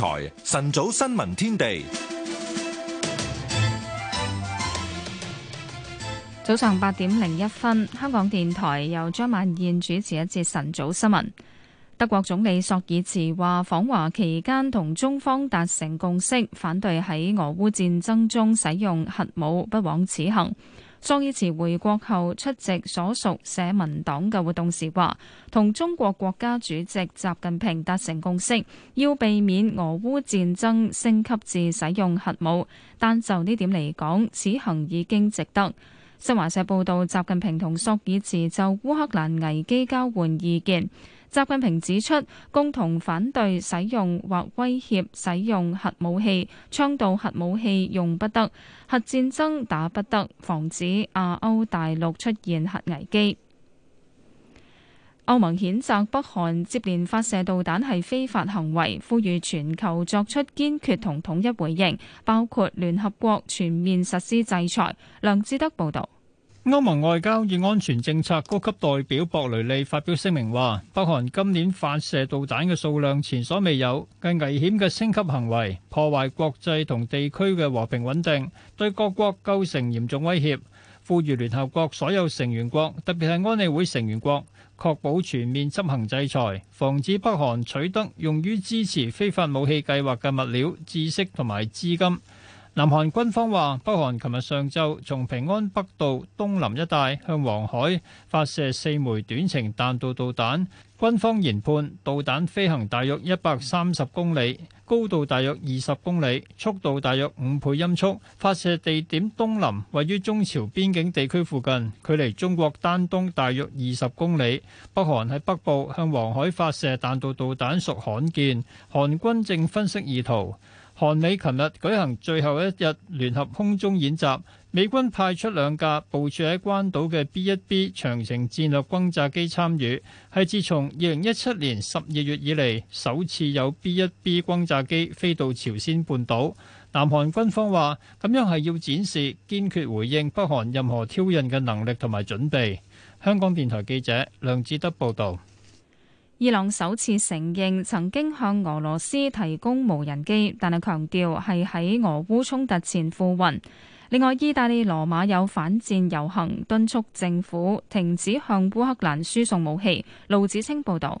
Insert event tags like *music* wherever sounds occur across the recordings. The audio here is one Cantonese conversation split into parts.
台晨早新聞天地，早上八點零一分，香港電台由張曼燕主持一節晨早新聞。德國總理索爾茨話，訪華期間同中方達成共識，反對喺俄烏戰爭中使用核武，不枉此行。索爾茨回國後出席所屬社民黨嘅活動時話，同中國國家主席習近平達成共識，要避免俄烏戰爭升級至使用核武，但就呢點嚟講，此行已經值得。新華社報道，習近平同索爾茨就烏克蘭危機交換意見。習近平指出，共同反對使用或威脅使用核武器，倡導核武器用不得，核戰爭打不得，防止亞歐大陸出現核危機。歐盟譴責北韓接連發射導彈係非法行為，呼籲全球作出堅決同統一回應，包括聯合國全面實施制裁。梁志德報道。歐盟外交與安全政策高級代表博雷利發表聲明話：北韓今年發射導彈嘅數量前所未有，更危險嘅升級行為，破壞國際同地區嘅和平穩定，對各國構成嚴重威脅。呼籲聯合國所有成員國，特別係安理會成員國，確保全面執行制裁，防止北韓取得用於支持非法武器計劃嘅物料、知識同埋資金。南韓軍方話，北韓琴日上晝從平安北道東林一帶向黃海發射四枚短程彈道導彈。軍方研判導彈飛行大約一百三十公里，高度大約二十公里，速度大約五倍音速。發射地點東林位於中朝邊境地區附近，距離中國丹東大約二十公里。北韓喺北部向黃海發射彈道導彈屬罕見，韓軍正分析意圖。韓美琴日舉行最後一日聯合空中演習，美軍派出兩架部署喺關島嘅 B 一 B 長程戰略轟炸機參與，係自從二零一七年十二月以嚟首次有 B 一 B 轟炸機飛到朝鮮半島。南韓軍方話，咁樣係要展示堅決回應北韓任何挑釁嘅能力同埋準備。香港電台記者梁志德報道。伊朗首次承認曾經向俄羅斯提供無人機，但係強調係喺俄烏衝突前付運。另外，意大利羅馬有反戰遊行敦促政府停止向烏克蘭輸送武器。盧子清報道。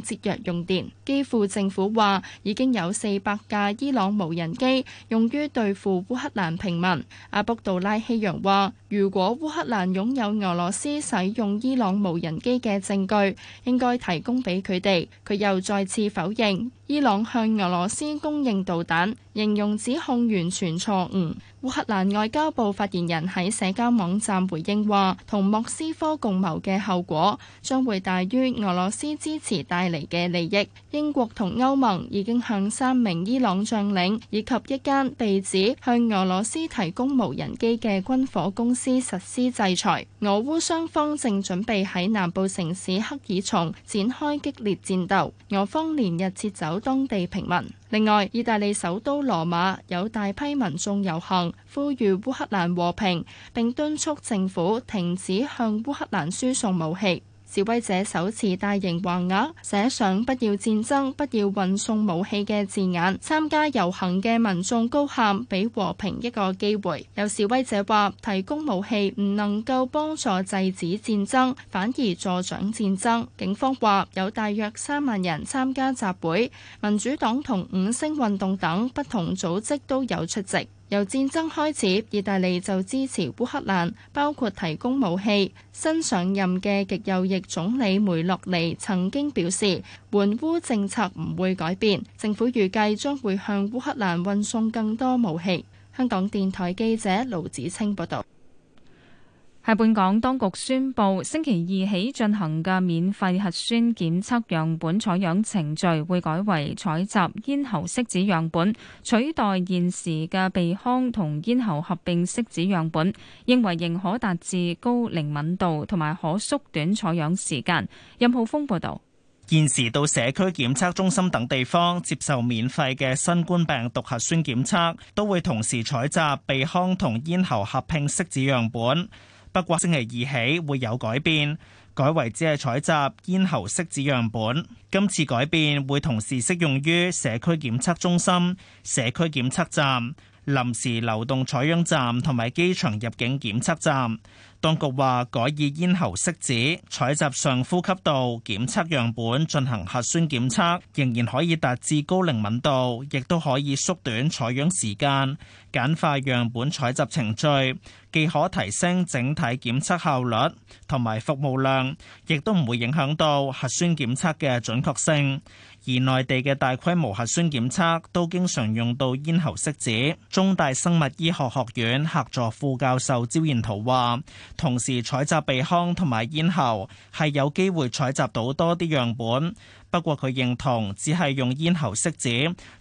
節約用電。基輔政府話已經有四百架伊朗無人機用於對付烏克蘭平民。阿卜杜拉希揚話：如果烏克蘭擁有俄羅斯使用伊朗無人機嘅證據，應該提供俾佢哋。佢又再次否認伊朗向俄羅斯供應導彈，形容指控完全錯誤。烏克蘭外交部發言人喺社交網站回應話：同莫斯科共謀嘅後果將會大於俄羅斯支持帶嚟嘅利益。英國同歐盟已經向三名伊朗將領以及一間被指向俄羅斯提供無人機嘅軍火公司實施制裁。俄烏雙方正準備喺南部城市克爾松展開激烈戰鬥，俄方連日撤走當地平民。另外，意大利首都羅馬有大批民眾遊行，呼籲烏克蘭和平，並敦促政府停止向烏克蘭輸送送武器。示威者手持大型橫額寫上「不要戰爭，不要運送武器」嘅字眼。參加遊行嘅民眾高喊，俾和平一個機會。有示威者話：提供武器唔能夠幫助制止戰爭，反而助長戰爭。警方話有大約三萬人參加集會，民主黨同五星運動等不同組織都有出席。由戰爭開始，意大利就支持烏克蘭，包括提供武器。新上任嘅極右翼總理梅洛尼曾經表示，援烏政策唔會改變。政府預計將會向烏克蘭運送更多武器。香港電台記者盧子清報道。喺本港當局宣布，星期二起進行嘅免費核酸檢測樣本採樣程序會改為採集咽喉拭子樣本，取代現時嘅鼻腔同咽喉合併拭子樣本。認為仍可達至高靈敏度，同埋可縮短採樣時間。任浩峰報導。現時到社區檢測中心等地方接受免費嘅新冠病毒核酸檢測，都會同時採集鼻腔同咽喉合併拭子樣本。不過星期二起會有改變，改為只係採集咽喉拭子樣本。今次改變會同時適用於社區檢測中心、社區檢測站、臨時流動採樣站同埋機場入境檢測站。當局話，改以咽喉拭子採集上呼吸道檢測樣本進行核酸檢測，仍然可以達至高靈敏度，亦都可以縮短採樣時間，簡化樣本採集程序，既可提升整體檢測效率同埋服務量，亦都唔會影響到核酸檢測嘅準確性。而內地嘅大規模核酸檢測都經常用到咽喉拭子，中大生物醫學學院客座副教授招彥燾話：同時採集鼻腔同埋咽喉係有機會採集到多啲樣本。不過佢認同，只係用咽喉拭子，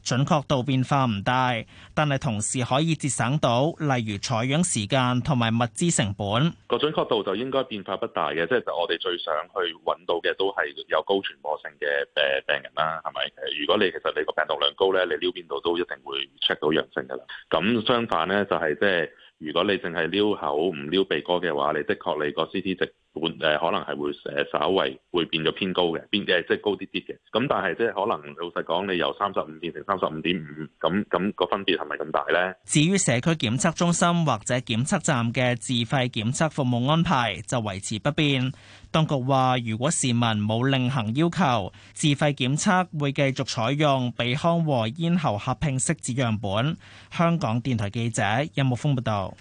準確度變化唔大，但係同時可以節省到，例如採樣時間同埋物資成本。個準確度就應該變化不大嘅，即係就是、我哋最想去揾到嘅都係有高傳播性嘅誒病人啦，係咪？如果你其實你個病毒量高呢，你撩邊度都一定會 check 到陽性㗎喇。咁相反呢、就是，就係即係如果你淨係撩口唔撩鼻哥嘅話，你的確你個 CT 值。會可能係會誒稍微會變咗偏高嘅，變嘅即係高啲啲嘅。咁但係即係可能老實講，你由三十五變成三十五點五，咁、那、咁個分別係咪咁大呢？至於社區檢測中心或者檢測站嘅自費檢測服務安排就維持不變。當局話，如果市民冇另行要求，自費檢測會繼續採用鼻腔和咽喉合併拭子樣本。香港電台記者任木峯報道。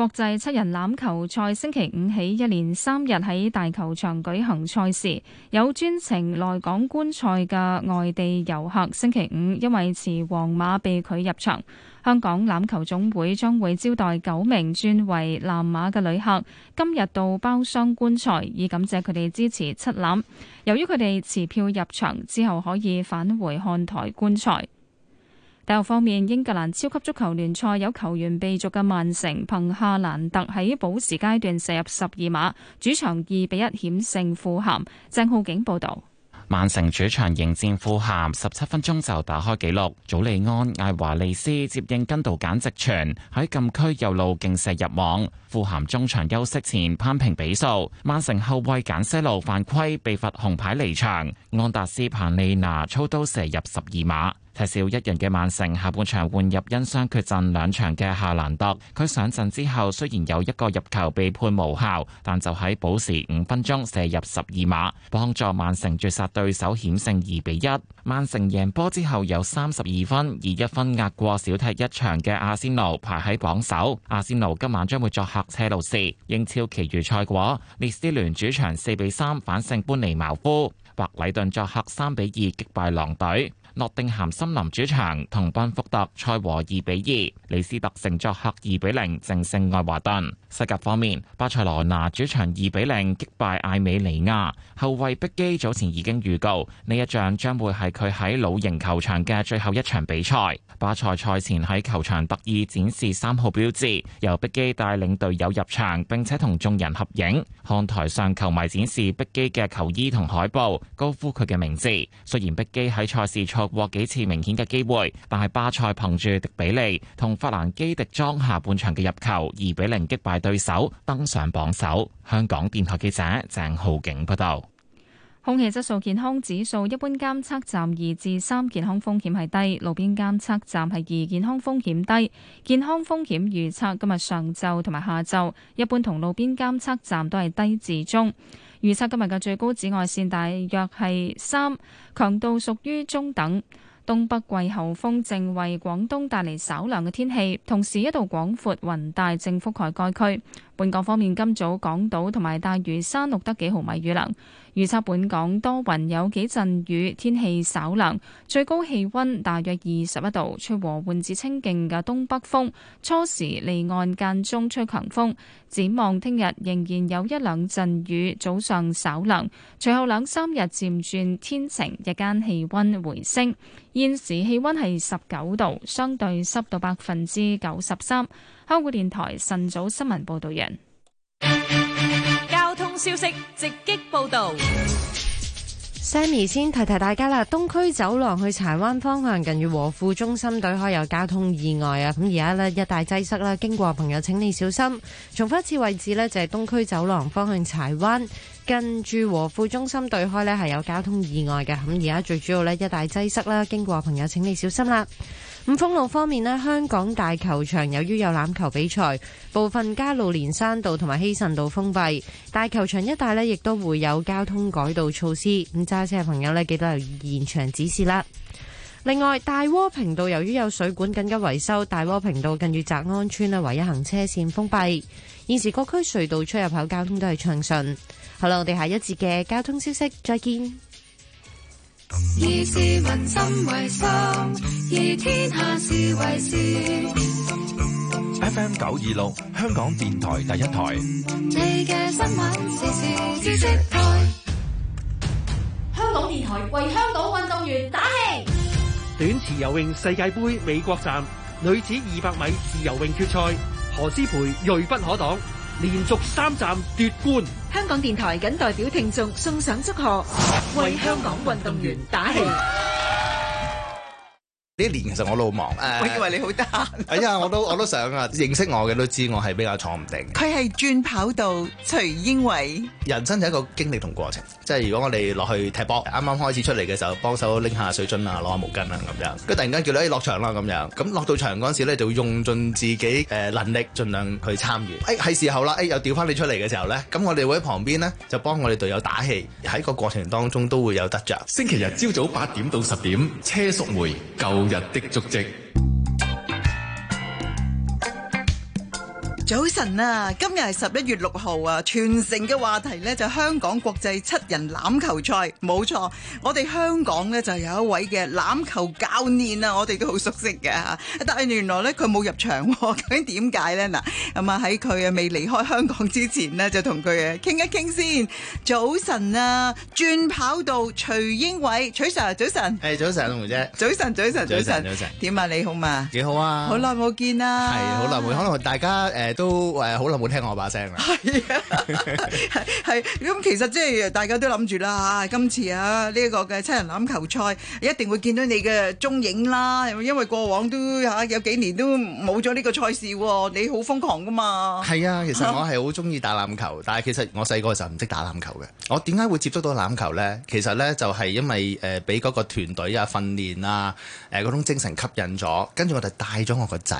國際七人欖球賽星期五起一連三日喺大球場舉行賽事，有專程來港觀賽嘅外地遊客。星期五因為持黃碼被拒入場，香港欖球總會將會招待九名轉為藍碼嘅旅客，今日到包廂觀賽，以感謝佢哋支持七欖。由於佢哋持票入場之後可以返回看台觀賽。大育方面，英格蘭超級足球聯賽有球員被逐嘅曼城，彭夏蘭特喺保時階段射入十二碼，主場二比一險勝富咸。鄭浩景報道。曼城主場迎戰富咸，十七分鐘就打開紀錄，祖利安艾華利斯接應筋道簡直傳喺禁區右路勁射入網。富咸中場休息前攀平比數，曼城後衛簡西路犯規被罰紅牌離場，安達斯彭利拿操刀射入十二碼。踢少一人嘅曼城下半場換入因傷缺陣兩場嘅夏蘭特，佢上陣之後雖然有一個入球被判無效，但就喺補時五分鐘射入十二碼，幫助曼城絕殺對手，險勝二比一。曼城贏波之後有三十二分，以一分壓過少踢一場嘅阿仙奴，排喺榜首。阿仙奴今晚將會作客車路士。英超其餘賽果：列斯聯主場四比三反勝班尼茅夫，白禮頓作客三比二擊敗狼隊。諾定咸森林主場同班福特賽和二比二，李斯特城作客二比零正勝愛華頓。西甲方面，巴塞羅那主場二比零擊敗艾美尼亞。後衛碧基早前已經預告呢一仗將會係佢喺老營球場嘅最後一場比賽。巴塞賽前喺球場特意展示三號標誌，由碧基帶領隊友入場，並且同眾人合影。看台上球迷展示碧基嘅球衣同海報，高呼佢嘅名字。雖然碧基喺賽事錯。獲幾次明顯嘅機會，但係巴塞憑住迪比利同法蘭基迪莊下半場嘅入球，二比零擊敗對手，登上榜首。香港電台記者鄭浩景報道。空氣質素健康指數一般監測站二至三，健康風險係低，路邊監測站係二，健康風險低。健康風險預測今日上晝同埋下晝，一般同路邊監測站都係低至中。預測今日嘅最高紫外線大約係三，強度屬於中等。東北季候風正為廣東帶嚟稍涼嘅天氣，同時一道廣闊雲帶正覆蓋該區。本港方面，今早港島同埋大嶼山錄得幾毫米雨量。預測本港多雲，有幾陣雨，天氣稍涼，最高氣溫大約二十一度，吹和緩至清勁嘅東北風，初時離岸間中吹強風。展望聽日仍然有一兩陣雨，早上稍涼，隨後兩三日漸轉天晴，日間氣溫回升。現時氣溫係十九度，相對濕度百分之九十三。香港電台晨早新聞報道人交通消息直擊報道。Sammy 先提提大家啦，東區走廊去柴灣方向，近住和富中心對開有交通意外啊！咁而家呢，一帶擠塞啦，經過朋友請你小心。重複一次位置呢，就係、是、東區走廊方向柴灣，近住和富中心對開呢係有交通意外嘅。咁而家最主要呢，一帶擠塞啦，經過朋友請你小心啦。五豐路方面咧，香港大球場由於有欖球比賽，部分加路連山道同埋希慎道封閉，大球場一帶咧亦都會有交通改道措施。咁揸車嘅朋友咧，記得留意現場指示啦。另外，大窩坪道由於有水管緊急維修，大窩坪道近住澤安村咧，唯一行車綫封閉。現時各區隧道出入口交通都係暢順。好啦，我哋下一節嘅交通消息再見。以而 F M 九二六香港電台第一台。你嘅新聞是知識台。香港電台為香港運動員打氣。短池游泳世界杯美國站女子二百米自由泳決賽，何詩蓓銳不可擋，連續三站奪冠。香港電台謹代表聽眾送上祝賀，為香港運動員打氣。呢一年其實我都好忙，我以為你好得閒。哎呀，我都我都想啊，認識我嘅都知我係比較坐唔定。佢係轉跑道，徐英偉。人生係一個經歷同過程，即係如果我哋落去踢波，啱啱開始出嚟嘅時候，幫手拎下水樽啊，攞下毛巾啊咁樣。佢突然間叫你落場啦咁樣，咁落到場嗰陣時咧，就用盡自己誒能力，儘量去參與。誒係時候啦，誒又調翻你出嚟嘅時候咧，咁我哋會喺旁邊咧，就幫我哋隊友打氣。喺個過程當中都會有得著。星期日朝早八點到十點，車淑梅舊日的足跡。早晨啊，今日係十一月六號啊，全城嘅話題呢，就香港國際七人欖球賽，冇錯。我哋香港呢，就有一位嘅欖球教練啊，我哋都好熟悉嘅吓。但係原來呢，佢冇入場，究竟點解呢？嗱，咁啊喺佢啊未離開香港之前呢，就同佢啊傾一傾先。早晨啊，轉跑道，徐英偉，徐 Sir，早晨。係早晨，同早晨，早晨，早晨，早晨，早晨。點啊？你好嘛？幾好啊？好耐冇見啦。係好耐，可能大家誒。呃都誒好耐冇聽我把聲啦，係係，咁其實即係大家都諗住啦，今次啊呢一個嘅七人欖球賽，一定會見到你嘅蹤影啦，因為過往都嚇有幾年都冇咗呢個賽事啊，你好瘋狂噶嘛，係啊，其實我係好中意打欖球，但係其實我細個時候唔識打欖球嘅，我點解會接觸到欖球呢？其實呢，就係因為誒俾嗰個團隊啊訓練啊誒嗰種精神吸引咗，跟住我就帶咗我個仔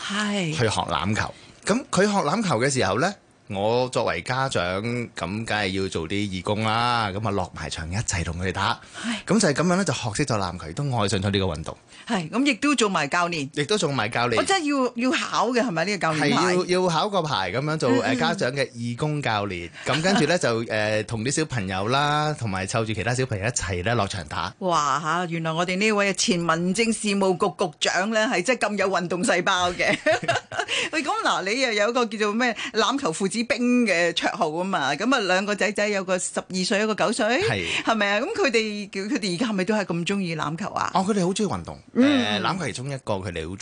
係去學欖球。 *laughs* *laughs* 咁佢學籃球嘅時候呢，我作為家長咁，梗係要做啲義工啦。咁啊落埋場一齊同佢哋打，咁就係咁樣咧，就學識咗籃球，都愛上咗呢個運動。係，咁亦都做埋教練，亦都做埋教練。我真係要要考嘅，係咪呢個教練？係要要考個牌咁樣做誒家長嘅義工教練。咁跟住咧，就誒同啲小朋友啦，同埋湊住其他小朋友一齊咧落場打。哇吓，原來我哋呢位前民政事務局局長咧，係真係咁有運動細胞嘅。喂， *laughs* *laughs* 咁嗱，你又有一個叫做咩籃球父子兵嘅綽號啊嘛？咁啊兩個仔仔有個十二歲，一個九歲，係係咪啊？咁佢哋佢哋而家係咪都係咁中意籃球啊？哦，佢哋好中意運動。誒攬其中一個，佢哋好。